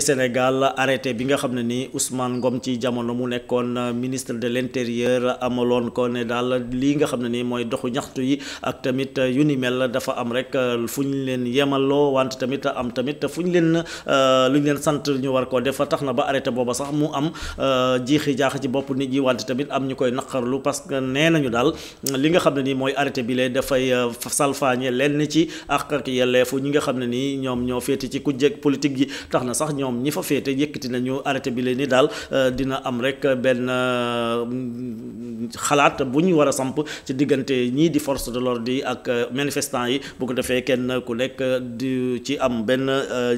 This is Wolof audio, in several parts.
ci Sénégal arrêté bi nga xam ne ni Ousmane Ngom ci jamono mu nekkoon euh, ministre de l'intérieur amaloon ko ne daal lii nga xam ne ni mooy doxu ñaxtu yi ak tamit euh, yu ni mel dafa am rek euh, fu ñu leen yemaloo wante tamit am ñu na ba arrêté booba sax mu am jiixi jaax ci bopp nit yi wante tamit am ñu koy naqarlu parce que nee nañu daal li nga xam ne ni mooy arrêté bi lee dafay salfaañe lenn ci ak ak yelleefu ñi nga xam ne ni ñoom ñoo féete ci kujje politique gi tax na sax ñoom ñi fa féete yëkkati nañu arrêté bi leen ni daal euh, dina am rek benn euh, xalaat bu ñu war a samp ci diggante ñii di force de l'ordre yi ak euh, manifestants yi bu ko defee kenn ku nekk di ci am benn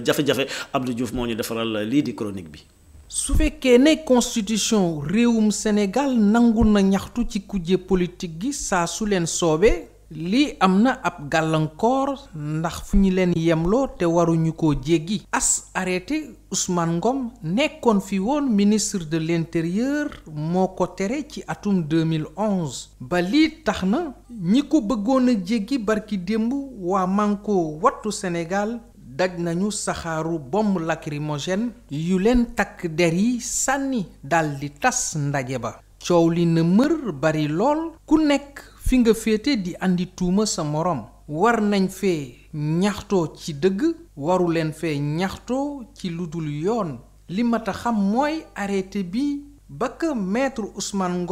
jafe-jafe Abdou Diouf moo ñu defaral lii di chronique bi. su fekkee ne constitution réewum Sénégal nangu na ñaxtu ci kujje politique gi saa su leen soobee lii am na ab gàllankoor ndax fi ñu leen yemloo te waruñu ko jéggi as arrêté Ousmane Ngom nekkoon fi woon ministre de l'intérieur moo ko tere ci atum 2011 ba lii tax na ñi ko bëggoon a jéggi barki démb waa Manko Wattu Sénégal daj nañu saxaaru bomb lacrymogène yu leen takk der yi sànni daldi tas ndaje ba coow li na mër bari lool ku nekk fi nga féete di indi tuuma sa morom war nañ fee ñaxtoo ci dégg waruleen fee ñaxtoo ci lu dul yoon li mat a xam mooy arrêté bi ba ka maître Ousmane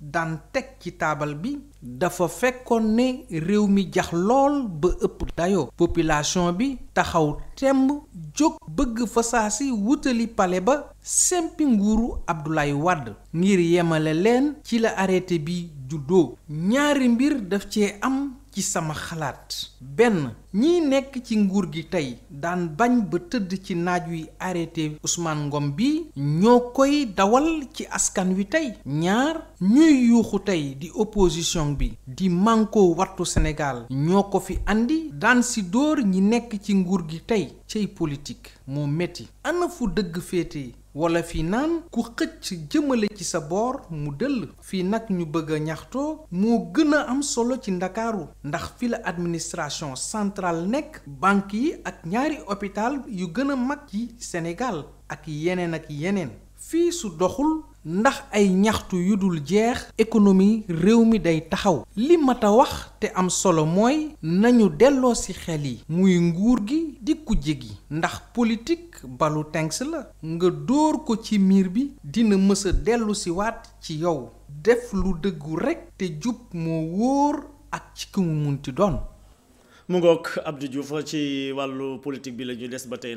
daan teg ci taabal bi dafa fekkoon ne réew mi jax lool ba ëpp dayoo population bi taxaw temb jóg bëgg fa si wutali pale ba sempi nguuru Abdoulaye wàdd ngir yemale leen ci la arrêté bi juddoo ñaari mbir daf cee am ci sama xalaat benn ñi nekk ci nguur gi tey daan bañ ba tëdd ci naaj wi arrêté Ousmane Ngom bi ñoo koy dawal ci askan wi tey ñaar ñuy yuuxu tey di opposition bi di mànkoo wattu senegaal ñoo ko fi indi daan si dóor ñi nekk ci nguur gi tey cay politique moo metti ana fu dëgg féete wala fi naan ku xëcc jëmale ci sa boor mu dëll fii nag ñu bëgg ñaxtoo moo gën a am solo ci ndakaaru ndax fi la administration centrale nekk banque yi ak ñaari hôpital yu gën a mag ci senegal ak yeneen ak yeneen fii su doxul ndax ay ñaxtu yu dul jeex économie réew mi day taxaw li mat a wax te am solo mooy nañu delloo ci xel yi muy nguur gi di kujje gi ndax politik balu tenks la nga dóor ko ci miir bi dina mësa a dellu si waat ci yow def lu dëggu rekk te jub moo wóor ak ci ki mu munti doon bi la des ba tey